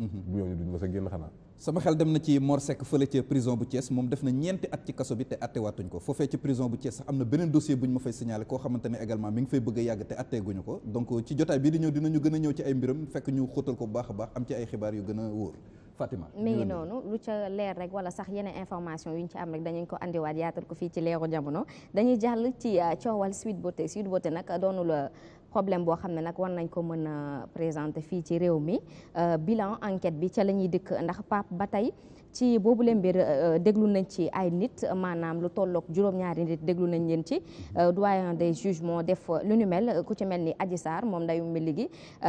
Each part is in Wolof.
ñooñu mhm. duñ sama xel dem na ci Mor fële ca prison bu Thiès moom def na ñeenti at ci kaso bi te attewaatuñ ko foofee ci prison bu Thiès sax am na beneen dossier bu ñu ma fay signalé koo xamante également mi ngi fay bëgg a yàgg te atteeguñu ko donc ci jotaay bii di ñëw dinañu gën ñëw ci ay mbiram fekk ñu xóotal ko baax a baax am ci ay xibaar yu gën wóor Fatima mi ngi noonu lu ca leer rek wala sax yeneen information yu ñu ci am rek dañuñ ko andiwaat yaatal ko problème boo xam ne nag war nañ ko mën a présenter fii ci réew mi euh, bilan enquête bi ca la ñuy dikk ndax Pape ba tey ci boobu leen mbir euh, euh, déglu nañ ci ay nit maanaam lu tolloog juróom-ñaari nit déglu nañ leen ci euh, doyen des juges moo def lu nu mel ku ci mel ni aji saar moom ndayu mbili gi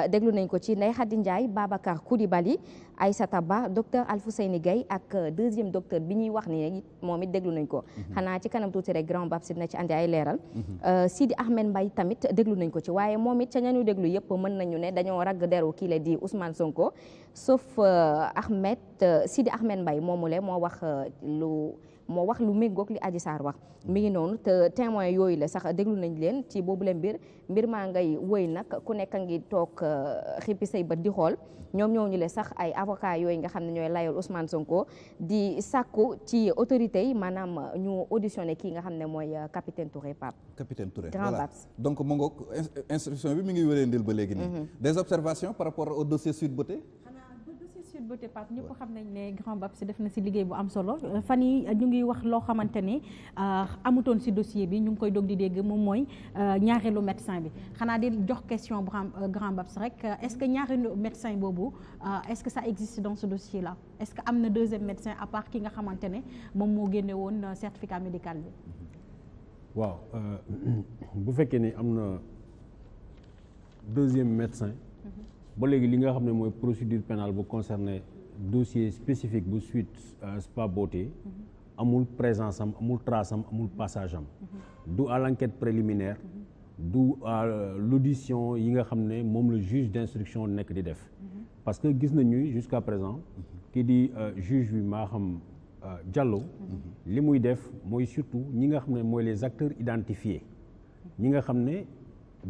déglu nañ ko ci Ndeye Khady Ndiaye Babacar Coulibaly Aïssata Ba docteur Alfousseyni Gaye ak deuxième docteur bi ñuy wax ni moom it déglu nañ ko mm-hmm. xanaa ci kanam tuuti rek grand bab si dina ci andi ay leeral mm-hmm. Sidi Ahmed mbay tamit déglu nañ ko ci waaye moom it ca ñañu déglu yëpp mën nañu ne dañoo ragg deru kii di Ousmane Sonko sauf Ahmed Sidi Ahmed Mbaye Mbaye moomule moo wax euh, lu moo wax lu méngoog li Adji Sarr wax mi ngi noonu te témoin yooyu la sax déglu nañ leen ci boobule mbir mbir maa ngay wëy nag ku nekk a ngi toog euh, xippi say bët di xool ñoom ñoo ñu le sax ay avocat yooyu nga xam ne ñooy layal Ousmane ko di sàkku ci autorités yi maanaam ñu auditionné kii nga xam ne mooy euh, capitaine Touré Pape. capitaine Touré voilà Babs. donc mu ngoog bi mi ngi wëree ndil ba léegi nii. Mhm. des observations par rapport Sweet Beauté Pape ñëpp xam nañ ne grand bab si def na si liggéey bu am solo euh, fan yi euh, ñu ngi wax loo xamante ne euh, amutoon si dossier bi ñu ngi koy dog di dégg moom mooy ñaareelu médecin bi xanaa di jox question bu xam grand rek est-ce que ñaareelu médecin boobu est-ce que ça existe dans ce dossier là est-ce que am na deuxième médecin à part ki nga xamante ne moom moo génne woon certificat médical bi. waaw bu fekkee ni am na deuxième médecin. ba léegi li nga xam ne mooy procédure pénale bu concerné dossier spécifique bu suite euh, Spa Beauté mm-hmm. amul présence am amul trace am amul passage am mm-hmm. du à l'enquête préliminaire mm-hmm. du à l'audition yi nga xam ne moom la juge d'instruction nekk di def parce que gis ñuy jusqu'à présent kii di euh, juge bi maa xam euh, Diallo li muy def mooy surtout ñi nga xam ne mooy les acteurs identifiés ñi nga xam ne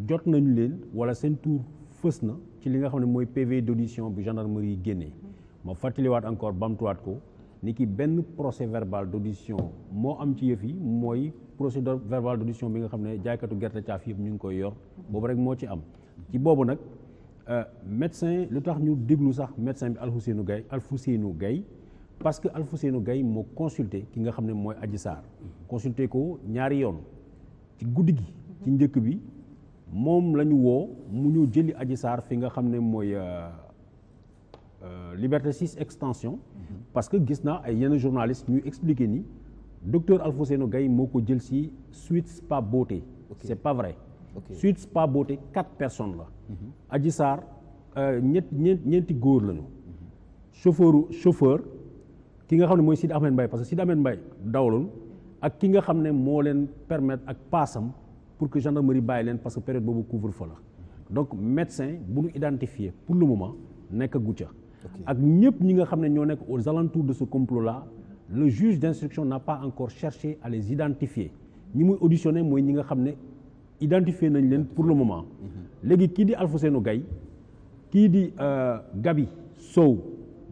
jot nañu leen wala seen tour fës na ci li nga xam ne mooy PV d'audition bu gendarmerie yi génnee ma fàttaliwaat encore bamtuwaat ko ni ki benn procès verbal d'audition moo am ci yëf yi mooy procédure verbal d'audition bi nga xam ne jaaykatu gerte caaf yëpp ñu ngi koy yor boobu rek moo ci am ci boobu nag euh, médecin lu tax ñu déglu sax médecin bi Alfousseynou Gaye Alfousseynou Gaye parce que Alfousseynou Gaye moo consulté ki nga xam ne mooy Adji Sarr consulté ko ñaari yoon ci guddi gi ci njëkk bi moom la ñu woo mu ñu jëli Adji Sarr fi nga xam ne mooy euh, euh, Liberté 6 extension. Mhm. parce que gis naa ay yenn journaliste ñu expliquer ni docteur Alfonseno gay moo ko jël si Sweet Spa Beauté. Okay. c'est pas vrai. Okay. Sweet Spa Beauté quatre personnes la. Mhm. Adji Sarr euh, ñett ñeent ñeenti góor lañu. Mhm. chauffeur chauffeur ki nga xam ne mooy Sidi Ahmed mbay parce que Sidi Ahmed mbay dawaloon ak ki nga xam ne moo leen permettre ak paasam. pour que gendarmerie bàyyi leen parce que période boobu couvre-feu la donc médecin bu ñu identifié pour le moment nekk gucca ak ñëpp ñi nga xam ne ñoo nekk aux alentours de ce complot là le juge d'instruction n'a pas encore cherché à les identifier ñi muy auditionné mooy ñi nga xam ne identifié nañ leen pour le moment mhm. léegi kii di Alfousseynou Gaye kii di euh, Gabi Sow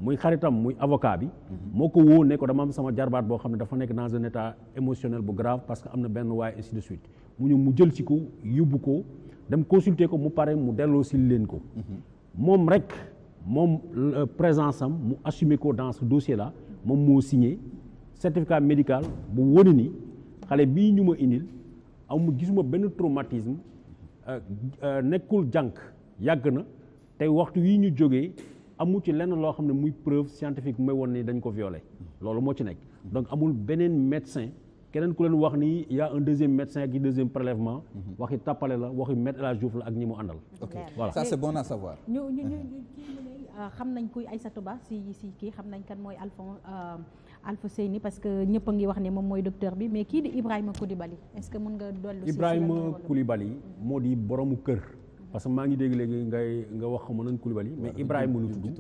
muy xaritam muy avocat bi mhm. moo ko woo ne ko dama am sama jarbaat boo xam ne dafa nekk dans un état émotionnel bu que am na benn waaye mu ñëw mu jël si ko yóbbu ko dem consulter ko mu pare mu delloo si leen ko. Mm-hmm. moom rek moom euh, présence am mu assumer ko dance ce dossier la moom moo signé certificat médical bu wone ni xale bii ñu ma indil amul gisuma benn traumatisme euh, euh, nekkul jànk yàgg na tey waxtu yi ñu jógee amul ci lenn loo xam ne muy preuve scientifique bu may won ni dañ ko violé mm-hmm. loolu moo ci nekk donc amul beneen médecin. keneen ku leen wax ni y' a un deuxième médecin ak deuxième prélèvement. waxi tappale la waxi Me El Hadji la ak ñi mu àndal. ok voilà ça c' est bon à savoir. ñu ñu ñu euh, xam nañ kuy Aïssatou Ba si si kii xam nañ kan mooy Alphon euh, Alpha Seyni parce que ñëpp ngi wax ne moom mooy docteur bi mais kii di Ibrahima Koulibaly est ce que mun nga dollu. Ibrahima Koulibaly moo di boroomu kër. parce que maa ngi dégg léegi ngay nga wax xamu nañ Koulibaly mais Ibrahima lu tudd.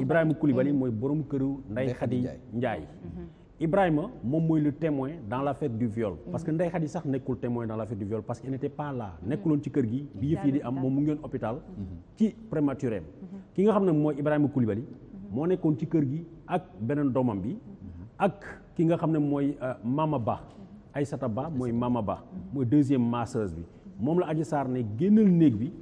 Ibrahima Koulibaly mooy borom këru Ndeye Khady Ndiaye. Mhm. Ibrahima moom mooy le témoin dans l'affaire du viol parce que Ndeye Khady sax nekkul témoin dans l'affaire du viol parce qu'il n'était pas là nekkuloon ci kër gi bi yëf yi di am moom mu ngi woon hôpital ci prématuré ki nga xam ne mooy Ibrahima Koulibaly moo nekkoon ci kër gi ak beneen doomam bi ak ki nga xam ne mooy euh, Mama ay Aïssata Ba mooy Mama Ba mooy deuxième masseuse bi moom la Adji saar ne génnal néeg bi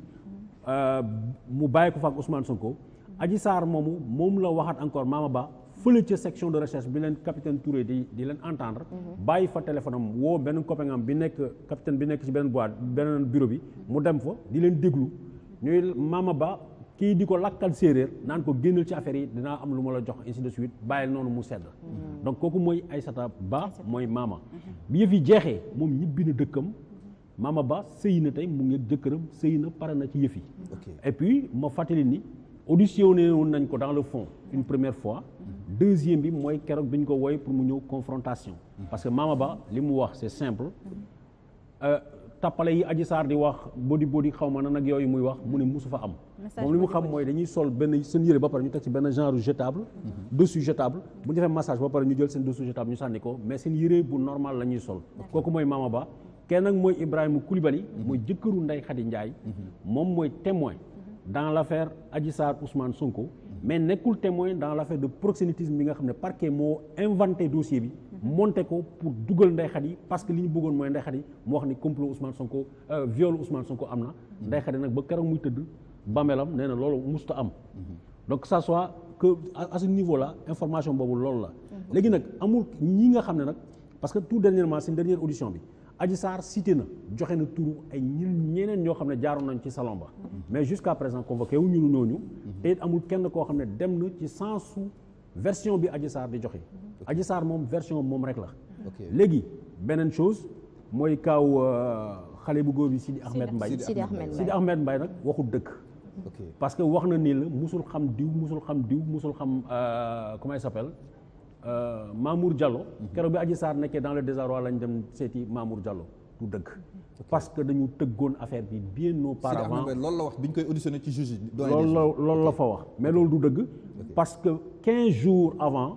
euh, mu bàyyi ko fa ak Ousmane Sonko Adji Sarr moomu moom la waxaat encore Mama Ba fële ca section de recherche bi leen capitaine Touré di di leen entendre. Mhm. bàyyi fa téléphone am woo benn copain bi nekk capitaine bi nekk ci benn boîte beneen bureau bi mu dem fa di leen déglu ñuy Mama Ba kii di ko lakkal séeréer naan ko génnal ci affaire yi dinaa am lu ma la jox ainsi de suite bàyyil noonu mu sedd. Mhm. donc kooku mooy ay Aïssata Ba mooy maama mhm. bi yëf jeexee moom ñibbi na dëkkam. Mama Ba sëy na tey mu ngi jëkkëram sëy na pare na ci yëf yi. et puis ma fàttali ni. auditionné woon nañ ko dans le fond une première fois deuxième bi mooy keroog bi ñu ko woy pour mu ñëw confrontation parce que Mama Ba li mu wax c'est simple euh, tappale yi Adji Sarr di wax body body xaw ma nan ak yooyu muy wax mu ne musu fa am moom li mu xam mooy dañuy sol benn seen yëre ba pare ñu teg ci benn genre jetable mhm. dessus jetable bu ñu defee massage ba pare ñu jël seen dessus jetable ñu sànni ko mais seen yëre bu normal la ñuy sol kooku mooy Mama Ba kenn mooy Ibrahima Koulibaly mhm. mooy jëkkëru Ndeye Khady Ndiaye mhm. moom mooy témoin dans l' affaire Adji Sarr Ousmane Sonko mais nekkul témoin dans la affaire de proxénétisme bi nga xam ne parquet moo inventé dossier bi monte ko pour dugal Ndeye yi parce que li ñu bëggoon mooy Ndeye Khady moo wax ni complot Ousmane Sonko euh, viol Ousmane Sonko am na Ndeye Khady nag ba keroog muy tëdd bàmmeelam nee na loolu musta am donc que ça soit que à ce niveau là information boobu loolu la mhm. léegi nag amul ñi nga xam ne nag parce que tout dernièrement seen dernière audition bi Adji Sarr cité na joxe na turu ay ñun ñeneen ñoo xam ne jaaroon nañ ci salon ba mais jusqu'à présent convoqué wu ñu ñooñu te amul kenn koo xam ne dem na ci sensu version bi Adji Sarr di joxe Adji Sarr moom version moom rek la léegi beneen chose mooy kaaw euh, xale bu góor bi Sidi Ahmed Mbaye Sidi Ahmed mbay nag waxul dëkk parce que wax na nii la mosul xam diw musul xam diw mosul xam euh, comment il s'appelle Euh, Mamour Diallo. keroog bi Adji Sarr nekkee dans le désarroi lañ dem seeti Mamour Diallo du dëgg. parce que dañu tëggoon affaire bi bien auparavant lool la wax bi ñu koy auditionné ci juge loolu la lool la fa wax mais loolu du dëgg. parce que quinze jours avant.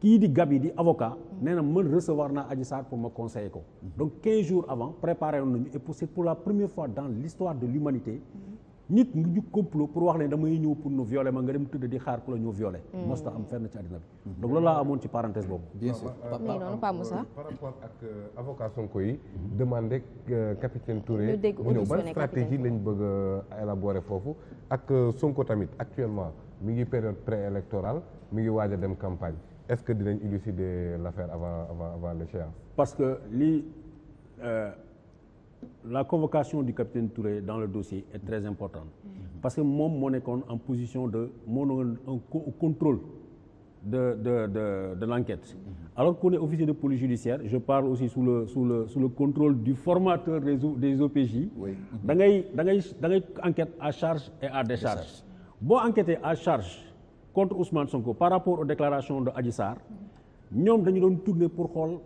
kii di yi di avocat nee na man recevoir naa Adji Sarr pour ma conseiller ko mm-hmm. donc quinze jours avant préparé woon nañu et pour c'est pour la première fois dans l'histoire de l'humanité mm-hmm. nit nga jug complot pour wax ne damay ñëw pour nu violer ma nga dem tëdd di xaar ku la ñu violer hmm. mosta am fenn ci àddina bi hmm. donc loolu laa amoon ci parenthèse boobu bien sûr noonu Pa Moussa euh, par rapport ak euh, avocat Sonko yi demandé euh, capitaine Touré mu ñëw ban stratégie lañ bëgg a élaborer foofu ak Sonko tamit actuellement mi ngi période préélectorale mi ngi waaj a dem campagne est-ce que dinañ élucider l'affaire avant avant avant parce que lii la convocation du capitaine Touré dans le dossier est très importante mm-hmm. parce que moom moo nekkoon en position de moo nekkoon un contrôle de de de de l'enquête mm-hmm. alors qu'on est officier de police judiciaire je parle aussi sous le sous le sous le contrôle du formateur des OPJ da ngay da ngay da ngay enquête à charge et à décharge boo enquête à charge contre Ousmane Sonko par rapport aux déclarations de Adji Sarr mm-hmm. ñoom dañu doon tourner pour xool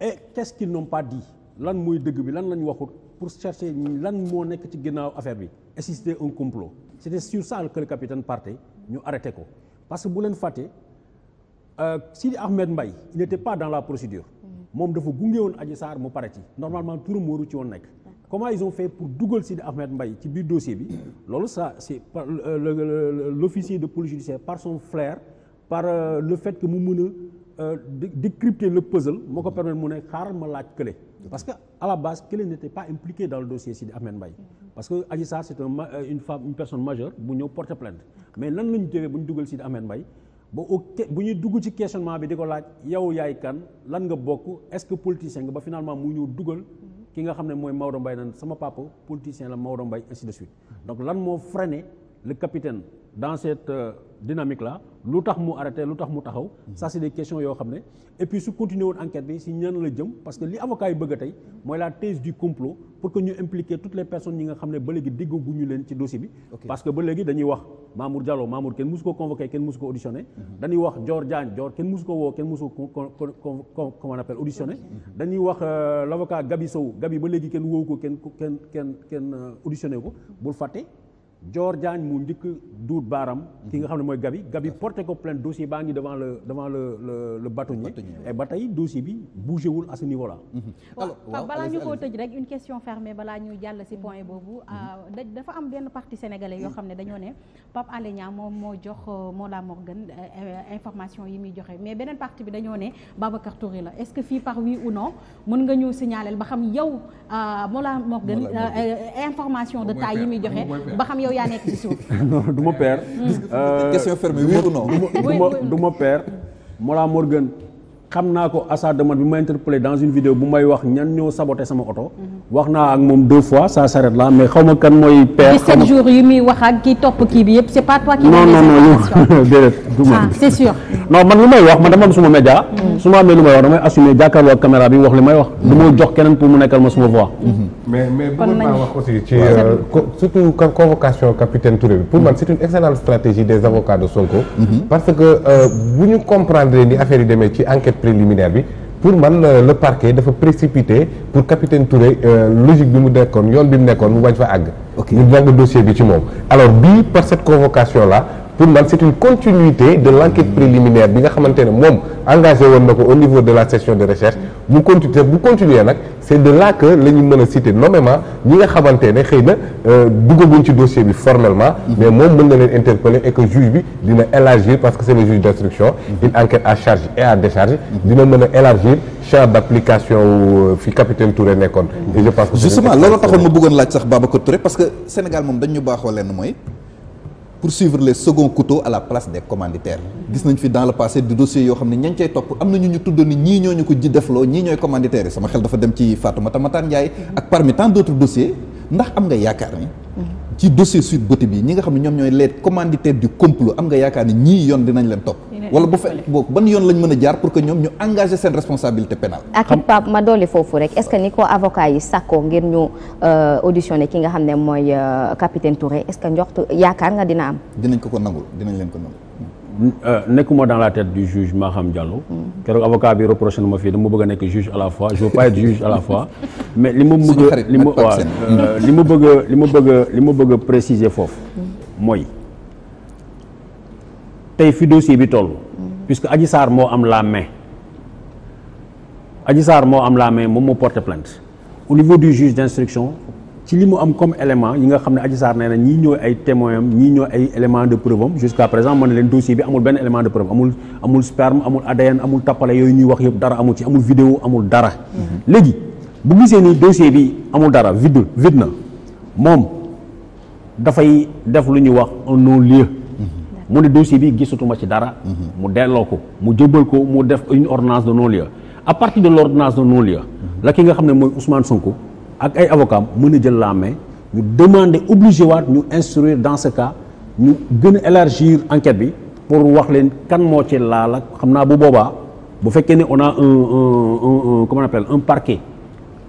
et qu'est-ce pas dit lan mooy dëgg bi lan la ñu waxut pour chercher lan moo nekk ci ginnaaw affaire bi exister un complot c'était sur ça que le capitaine partait ñu arrêté ko parce que bu leen fàtte euh, Sidi Ahmed Mbaye il n'était pas dans la procédure mm-hmm. moom dafa gunge woon Adji Sarr mu pare ci normalement turam waru ci woon nekk comment ils ont fait pour dugal Sidi Ahmed Mbaye ci biir dossier bi loolu ça c'est par euh, l'officier de police judiciaire par son flair par euh, le fait que mu mën a décrypter le puzzle moo ko permettre mu ne xaaral ma laaj kële parce que à la base Kelley n'était pas impliqué dans le dossier Sidi Ahmed Mbaye parce que Adji Sarr c'est un euh, une femme une personne majeure bu ñëw porter plainte mais nan la ñu bu ñu dugal Sidi Ahmed Mbaye ba bu ñuy dugg ci questionnement bi di ko laaj yow yaay kan lan nga bokk est-ce que politicien nga ba finalement mu ñëw dugal ki nga xam ne mooy Maodo Mbaye nan sama papa politicien la Maodo mbay ainsi de suite donc lan moo freiné le capitaine dans euh, dynamique là lu tax mu arrêté lu tax mu taxaw ça c'est des yoo xam ne et puis su continuer woon enquête bi si ñan la jëm parce que li avocat yi bëgg a tey mooy la thèse du complot pour que ñu impliquer toutes les personnes ñi nga xam ne ba léegi déggaguñu leen ci dossier bi parce que ba léegi dañuy wax Mamour Diallo Mamour kenn mosu ko convoqué kenn mosu ko auditionné mhm. dañuy wax Dior Diagne Dior kenn mosu ko woo kenn mosu ko comment on appelle auditionné mhm. dañuy wax euh, ba léegi kenn woowu ko kenn kenn kenn kenn euh, auditionné ko bul fàtte Dior Diagne mu njëkk duut baaram mhm. ki nga xam ne mooy Gabi Gabi porté ko plainte dossier baa ngi devant le devant le le ba tey dossier bi bougé wul à ce niveau là. Mhm. alors balaa ñu koo tëj rek une question fermée balaa ñu jàll si point mhm. boobu. Ah, dafa am benn parti sénégalais yoo xam ne dañoo ne Pape Alé Niang moom moo jox euh, Mollah Morgun euh, information yi muy joxe mais beneen partie bi dañoo ne Babacar Touré la est-ce que fii par oui ou non mën nga ñu signaler ba xam yow euh, Mollah Morgun information de taille yaa du ma père. Hmm. question fermée oui ou non. du ma du ma père. Mollah xam naa ko Assadoman bi ma interpellé dans une vidéo bu may wax ñan ñoo saboté sama oto. Hmm. wax naa ak moom deux fois ça s'arrête la mais xaw ma kan mooy. père xaw ma 17 jours yi muy wax ak kii topp kii bi yëpp c'est pas toi qui. non non non déedéet ma. Ah, c'est sûr. non man lu may wax man dama am suma média. Hmm. su ma amee lu may wax damay assumer jàkkaarloo ak caméra bi wax li may wax. du ma jox keneen pour mu nekkal ma suma voix. mais mais bëggoon naa wax aussi ci euh, surtout convocation capitaine Touré bi pour man c'est une excellente stratégie des avocats de mhm. parce que euh, bu ñu comprendre ni affaire yi demee ci enquête préliminaire bi pour man le parquet dafa précipité pour capitaine Touré euh, logique bi mu nekkoon yoon bi mu nekkoon mu bañ fa àgg ñu jàng dossier bi ci moom alors bii par cette convocation là pour man c'est une continuité de l'enquête préliminaire bi nga xamante ne moom engagé woon na ko niveau de la section de recherche mu continuer continuer nag c'est de là que la ñu mën a citer nommément ñi nga xamante ne xëy na euh, duggaguñ ci dossier bi formellement mais moom mën na leen interpeller et que juge bi dina élargir parce que c'est le juge d'instruction une enquête à charge et à décharge dina mën a élargir champ d'application euh, fi capitaine Touré nekkoon et je pense que justement loolu taxoon ma bëggoon laaj sax Babacar Touré parce que Sénégal moom dañ ñu baaxoo lenn mooy poursuivre les seconds couteaux à la place des commanditaires gis nañ fi dans le passé du dossier yoo xam ne ña ngi topp am na ñu ñu tuddoon ni ñii ñooy commanditaires yi sama xel dafa dem ci Fatoumata Matar Ndiaye ak parmi tant dossiers ndax am nga yaakaar ni ci dossier Sweet Beauté bi ñi nga xam ne ñoom ñooy les commanditaires du complot am nga yaakaar ni ñii yoon dinañ leen topp wala bu fekk boog ban yoon lañ mën a jaar pour que ñoom ñu engagé seen responsabilité pénale ak Pape ma dolli foofu rek est-ce que ni ko avocat yi sàkkoo ngir ñu euh, auditionné ki nga xam ne mooy euh, capitaine Touré est-ce que njoxtu yaakaar nga dina am dinañ ko ko nangul dinañ leen euh, nekkuma dans la tête du juge Maham Diallo hmm. keroog avocat bi reproché na ma fii dama bëgg a nekk juge à la fois je veux pas être juge à la fois mais li ma bëgg li ma waaw li ma bëgg a li ma bëgg a li ma foofu hmm. mooy tey fi dossier bi toll. puisque Adji saar moo am la main Adji Sarr moo am la main moom moo porte plainte au niveau du juge d'instruction ci li mu am comme élément yi nga xam ne Adji saar nee na ñii ñooy ay témoin am ñii ñooy ay élément de preuve am jusqu'à présent mën na leen dossier bi amul benn élément de preuve amul amul sperme amul ADN amul tappale yooyu ñuy wax yëpp dara amul ci amul vidéo amul dara. Mhm. léegi bu gisee ni dossier bi amul dara vide vide na moom dafay def lu ñuy wax un non-lieu. mu ne dossier bi gisatuma ci dara. mu delloo ko mu jëbal ko mu def une ordonnance de non-lieu à partir de l' ordonnance de non-lieu la ki nga xam ne mooy Ousmane Sonko ak ay avocats mën a jël la main ñu demander obligé waat ñu instruire dans ce cas ñu gën a élargir enquête bi pour wax leen kan moo ci laal ak xam naa bu boobaa bu fekkee ne ona a un un un comment on appelle un parquet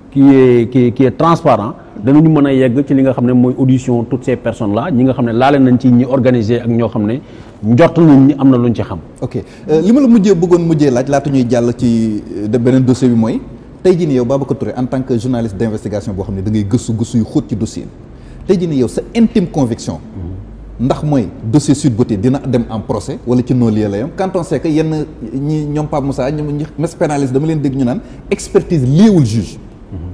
qui est qui est transparent danañu mën a yegg ci li nga xam ne mooy audition toutes ces personnes là ñi nga xam ne laale nañ ci ñi organiser ak ñoo xam ne njort nañ ñi am na lu ñu ci xam. ok euh, li ma la mujjee bëggoon mujjee laaj laata ñuy jàll ci euh, beneen dossier bi mooy tey jii nii yow Babacar Touré en tant que journaliste d'investigation boo xam ne da ngay gëstu gëstu yu xóot ci dossier tey jii nii yow sa intime conviction. ndax mooy dossier Sweet Beauté dina dem en procès wala ci non la yam quand on que yenn ñi ñoom Pape Moussa ñoom dama leen dégg ñu naan expertise liewul juge.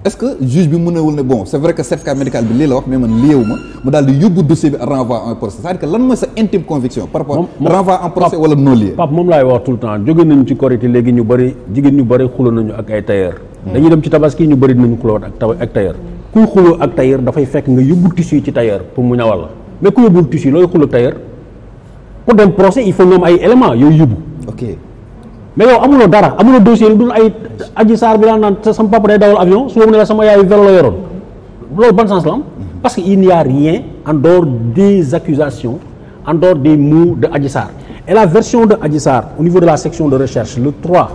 est-ce que juge bi mënewul ne bon c'est vrai que certificat médical bi lii la wax mais man liewu ma mu daal di yóbbu dossier bi renvoi en procès c'est-à-dire que lan mooy sa intime conviction par rapport renvoi en procès wala non lieu Pape moom laay wax tout temps jóge nañu ci korité léegi ñu bëri jigéen ñu bëri xulo nañu ak ay tailleur hmm. dañuy dem ci tabaski ñu bëri nañu xuloo ak taw kuy xuloo ak tailleur dafay fekk nga yóbbu tissu yi ci tailleur pour mu ñawal la dem procès il ay éléments yooyu mais yow amuloo dara amuloo dossier lu dul ay aji saar bi daan naan sama papa day dawal avion su boobu ne la sama yaay vélo la yoroon loolu ban sens la parce que il n'y a rien en dehors des accusations en dehors des mots de Adji Sarr et la version de Adji Sarr au niveau de la section de recherche le 3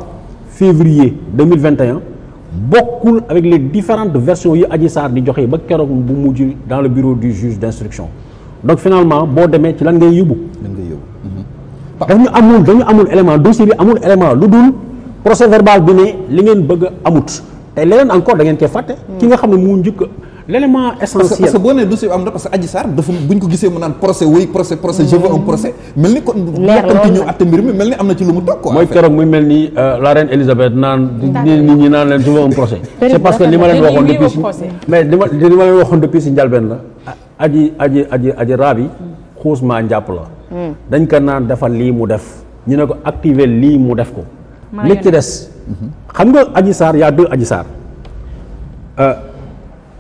février 2021 bokkul avec les différentes versions yi Adji Sarr di joxe ba keroog bu mujj dans le bureau du juge d'instruction donc finalement boo demee ci lan ngay yóbbu dañu amul dañu amul élément dossier bi amul élément lu dul procès verbal bi ne li ngeen bëgg amut te leneen encore da koy fàtte. ki nga xam ne mu njëkk l'élément essentiel parce que boo nee dossier bi am na parce que Adji Sarr dafa buñ ko gisee mu naan procès wéy procès procès je veux procès mel ni kon yàkkamti ñëw atte mbir mi mel ni am na ci lu mu toog quoi mooy keroog muy mel ni euh, la reine Elisabeth naan nit ñi naan leen je veux procès c'est parce que li ma leen waxoon depuis mais si njalbeen xuusmaa njàpp la hmm. dañ ko naan defal lii mu def ñu ne ko activer lii mu def ko li ci des xam nga Adji Sarr y'a deux Adji Sarr euh,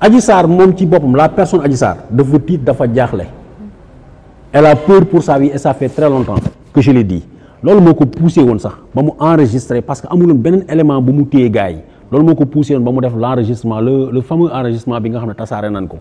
Adji Sarr moom ci boppam la personne Adji Sarr dafa tiit dafa jaaxle elle a peur pour sa vie et ça fait très longtemps que je l'ai dit loolu moo ko poussé woon sax ba mu enregistré parce que amuloon beneen élément bu mu téye gars yi loolu moo ko poussé woon ba mu def l' enregistrement le le fameux enregistrement bi nga xam ne tasaare nan ko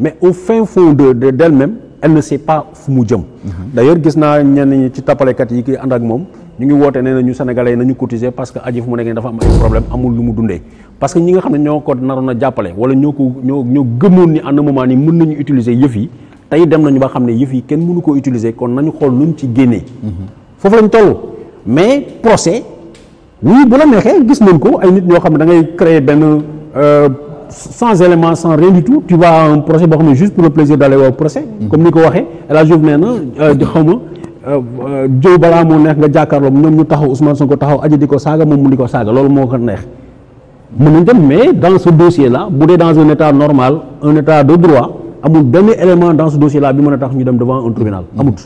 mais au fin fond de de d'elle-même elle ne sait pas fu mu jëm. Mhm. d'ailleurs gis naa ñenn ñi ci tapalekat yi ki ànd ak moom ñu ngi wootee nee na ñu sénégalais nañu cotiser parce que aji fu mu nekk nii dafa am ay problème amul lu mu dundee. parce que ñi nga xam ne ñoo ko naroon a jàppale wala ñoo ko ñoo ñoo gëmoon ni à un moment ni mën nañu utiliser yëf yi tey dem nañu ba xam ne yëf yi kenn mënu koo utiliser kon nañu xool nu ñu ci génnee. Mhm. foofu lañ toll mais procès oui bu la neexee gis nañ ko ay nit ñoo xam ne da ngay créer benn. Euh, sans élément sans rien du tout tu vas à boo xam ne juste pour le plaisir d'aller au procès comme ni ko waxee El Hadj Diouf nee na euh, xaw ma euh, euh, jëw balaa moo neex nga jàkkaarloo ñoom ñu taxaw Ousmane ko taxaw aji di ko saaga moom mu ni ko saaga loolu moo ko neex mën nañ dem mais dans ce dossier la bu dee dans un état normal un état de droit amul benn élément dans ce dossier là bi mën a tax ñu dem devant un tribunal mm-hmm. amut.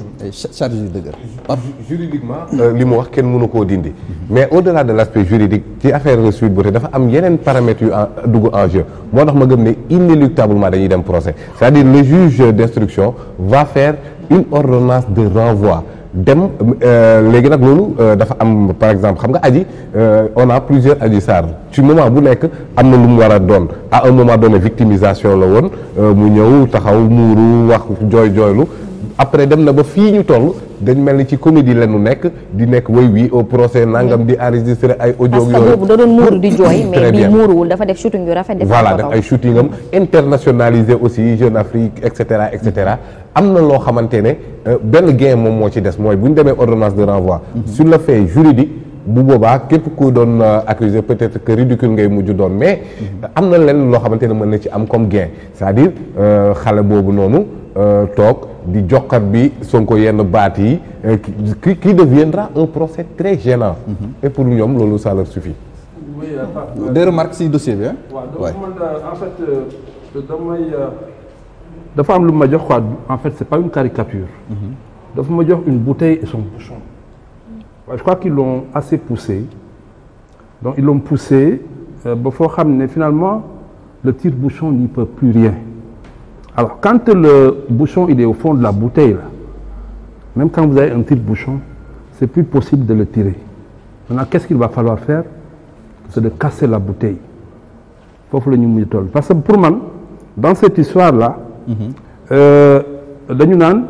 Euh, li mu wax kenn mënu koo dindi. mais au delà de l' aspect juridique ci affaire de Sweet Beauté dafa am yeneen paramètres yu en dugg en jeu moo tax ma gëm ne inéluctablement dañuy dem procès c' est à dire le juge d' instruction va faire une ordonnance de renvoi. dem euh, léegi nag loolu euh, dafa am par exemple xam nga aji euh, on a plusieurs aji saar ci moment bu nekk am na lu mu war a doon à un moment donné victimisation la woon mu ñëw taxaw muuru wax jooy jooylu après dem na ba fii ñu toll dañ mel ni ci comédie la ñu nekk di nekk way wii au procès nangam di enregistré ay audio yooyu parce que boobu da doon muuru di jooy mais bi muuruwul dafa def shooting yu rafet def voilà def ay shooting am internationalisé aussi Jeune Afrique et cetera et cetera am na loo xamante ne euh, benn gain moom moo ci des mooy bu ñu demee ordonnance de renvoi mhm. sur le fait juridique bu boobaa képp ku doon euh, accusé peut-être que ridicule ngay mujj doon mais mhm. am na leen loo xamante ne mën na ci am comme gain cest à euh, xale boobu noonu Euh, toog di joxat bi Sonko yenn baat yi qui euh, qui deviendra un procès très gênant mhm. et pour ñoom loolu ça suffit oui euh, des si dossier bi waaw dafa am lu ma jox quoi en fait c'est pas une caricature mhm. dafa ma jox une bouteille et son bouchon je crois qu'ils l'ont assez poussé donc ils l'ont poussé ba foo xam ne finalement le tire-bouchon n'y peut plus rien Alors, quand le bouchon il est au fond de la bouteille, là, même quand vous avez un petit bouchon, c'est plus possible de le tirer. Maintenant, qu'est-ce qu'il va falloir faire C'est de casser la bouteille. Parce que pour man dans cette histoire-là, mm -hmm. euh, de Nunan,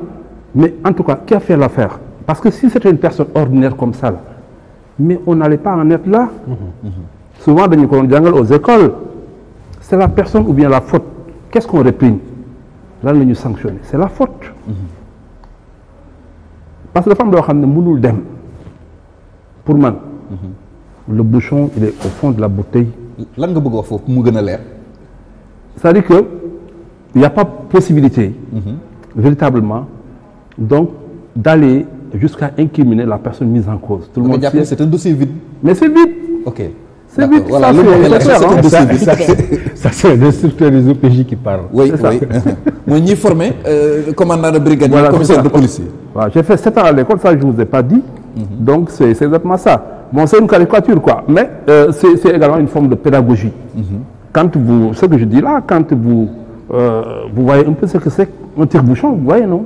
mais en tout cas, qui a fait l'affaire Parce que si c'était une personne ordinaire comme ça, mais on n'allait pas en être là. Mm -hmm. Souvent, dans les aux écoles, c'est la personne ou bien la faute. Qu'est-ce qu'on réprime lan la ñu sanctionné c'est la faute parce que dafa am loo xam ne mënul dem pour man le bouchon il est au fond de la bouteille lan nga bëgg wax foofu mu gën a leer c'est-à-dire que il n'y a pas possibilité véritablement donc d'aller jusqu'à incriminer la personne mise en cause tout le monde c'est un dossier vide mais c'est vide ok c'est vite voilà, ça c'est un dossier ça c'est le structure des OPJ qui parle oui oui mooy ñiy formé euh, commandant de brigade. voilà commissaire de police j'ai fait sept ans à l'école ça je vous ai pas dit. Mhm. donc c'est c'est exactement ça bon c'est une caricature mais euh, c'est c'est également une forme de pédagogie. Mhm. quand vous ce que je dis là quand euh, vous voyez un peu ce que c'est un tire-bouchon vous voyez non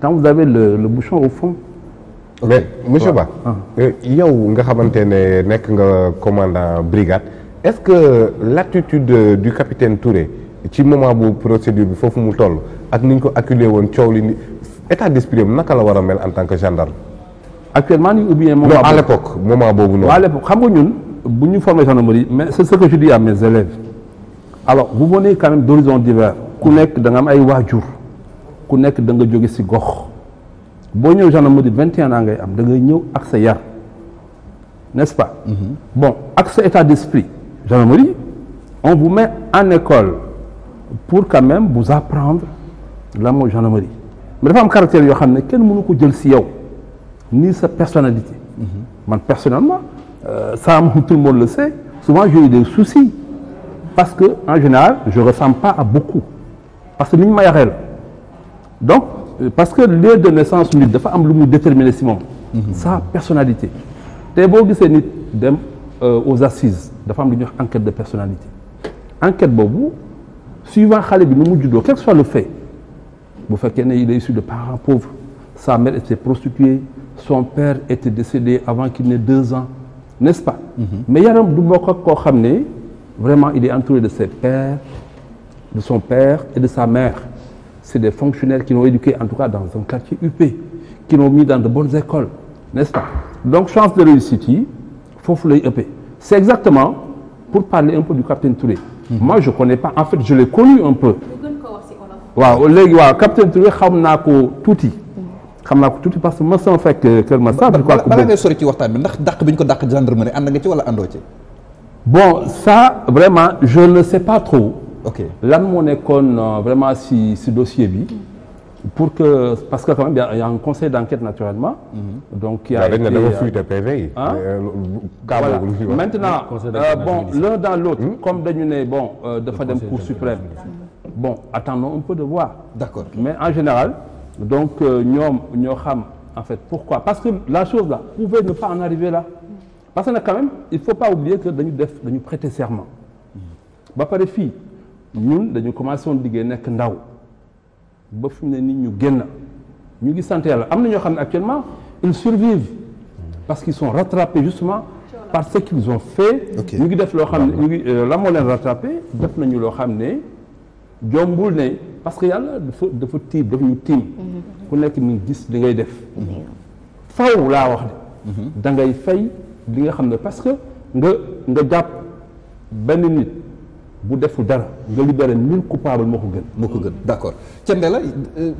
quand vous avez le bouchon au fond. monsieur Ba. Ah. Euh, yow nga xamante ne nekk nga commandant brigade est-ce que l'attitude du capitaine Touré. ci moment bu procédure bi foofu mu toll ak ni ñu ko acculé woon coow li ni état d'esprit am naka la war a mel en tant que gendarme. actuellement nii ou bien. non à l'époque moment boobu noonu. à l'époque xam nga ñun bu ñu formé gendarmerie mais c'est ce que je dis à mes élèves alors vous venez quand même d'horizons divers ku nekk danga am ay waajur ku nekk da nga jóge si gox boo ñëw gendarmerie 21 ans ngay am da ngay ñëw ak sa yar n'est-ce mhm. bon ak sa état d'esprit gendarmerie on vous met en école. pour qua même vous apprendre lan mooy gendarmerie mais dafa am caractère yoo xam ne kenn mënu ko jël si yow ni sa personnalité mhm. man personnellement euh, ça tout le le sait souvent j'ai eu des soucis parce que en général je ressemble pas à beaucoup parce que ni ñu ma yaree la donc euh, parce que lieu de naissance nit dafa am lu mu déterminer si moom mhm. sa personnalité te boo gisee nit dem euh, aux assises dafa am lu ñuy enquête de personnalité enquête boobu suivant xale bi nu mu juddoo quel que soit le fait bu fekkee ne il est issu de parents pauvres sa mère était prostituée son père était décédé avant qu'il n'ait deux ans n'est-ce pas mhm. mais yaram du bokk ak koo xam ne vraiment il est entouré de son père et de sa mère c'est des fonctionnaires qui l'ont éduqué en tout cas dans un quartier UP qui l'ont mis dans de bonnes écoles n'est-ce pas donc chance de réussite yi foofu lay ëppee c'est exactement pour parler un peu du capitaine Touré Mhm. moi je connais pas en fait je l'ai connu un peu. waaw léegi waaw capitaine Touré xam naa ko tuuti. xam naa ko tuuti parce que ma sama fekk Kër Massar. je crois que ngay sori ci waxtaan bi ndax daq bi ñu ko daq gendarmerie ànd nga ci wala àndoo ci. bon ça vraiment je ne sais pas trop. ok lan moo nekkoon euh, vraiment si si dossier bi. Hmm. pour que parce que quand même il y, y a un conseil d'enquête naturellement. Mm-hmm. donc qui a été euh, dafa euh, maintenant mm-hmm. euh, bon l'un dans l'autre mmh. comme dañu ne bon euh, dafa dem cour suprême. bon attendons un peu de voir. mais en général donc ñoom ñoo xam en fait pourquoi parce que la chose là pouvait ne pas en arriver là. parce que nag quand il faut pas oublier dañu def dañu prêter serment. Mm-hmm. ba pare fii ñun dañu commencé woon liggéey nekk ndaw. ba fu mu ne nit ñu génn ñu ngi sant yàlla am na ñoo xam ne actuellement ils survivent parce qu'ils sont rattrapés justement par ce qu'ils ont fait ñu ngi def loo xam ne ñu ngi euh, la moo leen rattrapé def nañu loo xam ne jombul ne parce que yàlla dafa dafa tiim dafa ñu tiim ku nekk mi ngi gis li ngay def faw laa wax de mhm. da ngay fay li nga xam ne parce que nga nga jàpp benn nit bu defu dara nga libéré mille coupables moo ko gën. moo ko gën d' accord Thiendella la euh,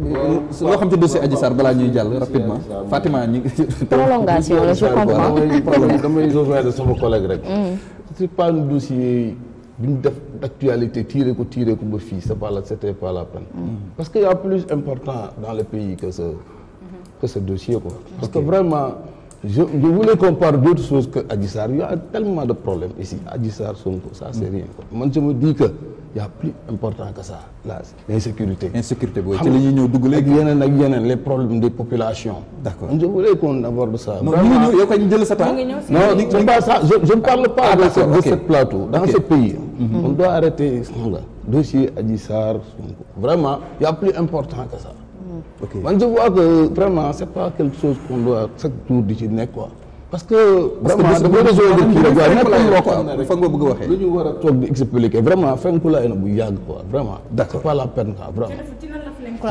euh, loo xam ci dossier Adji Sarr balaa ñuy jàll rapidement Fatima ñi. prolongation la je comprends problème damay rejoindre sama collègue rek. Mm. c' est pas un def actualité tiré ko tiré ko ba fii c' mm. parce que y' a plus important dans le pays que ce mm-hmm. que ce parce que vraiment. je, je voulais qu'on parle d'autre chose que Adji Sarr a tellement de problèmes ici Adji Sarr Sonko ça c'est rien quoi man je me dis que y a plus important que ça la l'insécurité insécurité boobu ci la ñuy ñëw dugg léegi yeneen ak yeneen les problèmes des populations d'accord man je voulais qu'on aborde ça non yow sa temps non c'est pas ça je je ne parle pas ah, de ce de ce plateau dans ce pays mhm. on doit arrêter dossier Adji Sarr Sonko vraiment y a plus important que ça ok man je vois que vraiment c'est pas quelque chose qu'on doit chaque jour di ci nekk quoi. parce que vraiment da nga réseau de kii rek nekk loo ko fa nga bëgg a waxee. lu war a toog di expliquer vraiment fenku laay na bu yàgg quoi vraiment. da c'est pas la peine quoi